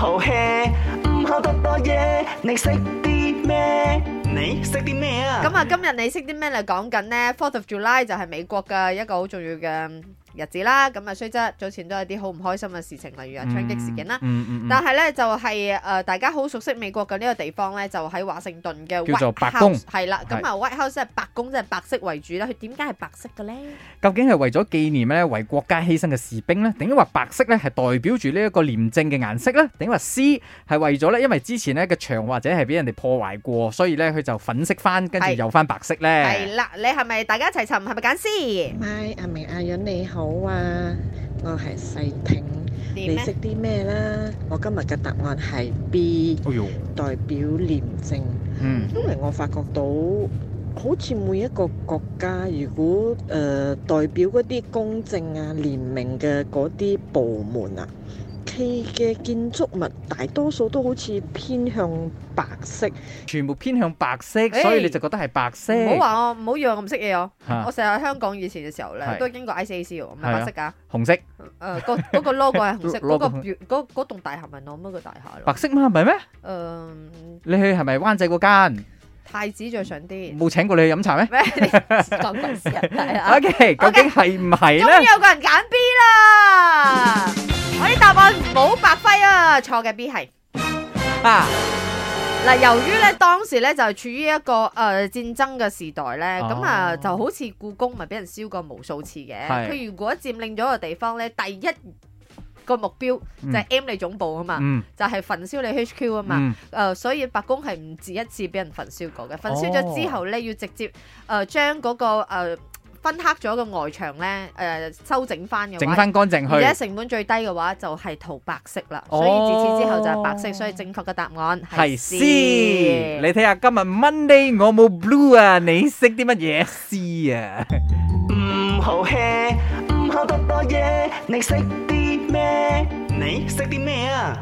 淘氣唔好得多嘢，你識啲咩？你識啲咩啊？咁啊，今日你識啲咩嚟講緊咧，Fourth of July 就係美國嘅一個好重要嘅日子啦，咁啊，雖則早前都有啲好唔開心嘅事情，例如啊槍擊事件啦。嗯嗯嗯、但係咧就係、是、誒、呃、大家好熟悉美國嘅呢個地方咧，就喺華盛頓嘅叫做白宮。係啦、嗯，咁啊 White House 白宮，即係白，白、就是、白色為主啦。佢點解係白色嘅咧？究竟係為咗紀念咧為國家犧牲嘅士兵呢？點解話白色咧係代表住呢一個廉政嘅顏色咧？點話 C 係為咗咧？因為之前呢個牆或者係俾人哋破壞過，所以咧佢就粉飾翻，跟住又翻白色咧。係啦，你係咪大家一齊沉？係咪揀 C Hi 阿明，阿允，你好。好啊，我係細聽，你識啲咩啦？我今日嘅答案係 B，oh, yo. 代表廉政。嗯，mm. 因為我發覺到好似每一個國家，如果誒、呃、代表嗰啲公正啊、廉明嘅嗰啲部門啊。嘅建築物大多數都好似偏向白色，全部偏向白色，所以你就覺得係白色。唔好話我，唔好以為我唔識嘢哦。我成日喺香港以前嘅時候咧都經過 I C A C，唔係白色噶，紅色。誒，嗰嗰個 logo 係紅色，嗰個表嗰嗰棟大廈係乜嘢大廈咯？白色嘛？唔係咩？誒，你去係咪灣仔嗰間太子再上啲？冇請過你去飲茶咩？O K，究竟係唔係咧？終於有個人揀 B 啦！我啲答案冇白費啊！錯嘅 B 係啊，嗱，由於咧當時咧就係處於一個誒、呃、戰爭嘅時代咧，咁啊、哦、就好似故宮咪俾人燒過無數次嘅。佢是如果佔領咗個地方咧，第一個目標就係 M、e、你總部啊嘛，嗯、就係焚燒你 HQ 啊嘛。誒、嗯呃，所以白宮係唔止一次俾人焚燒過嘅。哦、焚燒咗之後咧，要直接誒將嗰個誒。呃分黑咗個外牆咧，誒，修整翻嘅，整翻乾淨去。而家成本最低嘅話就係塗白色啦，所以自此之後就係白色，所以正確嘅答案係 C。你睇下今日 Monday 我冇 blue 啊，你識啲乜嘢 C 啊？唔好食，唔好多多嘢，你識啲咩？你識啲咩啊？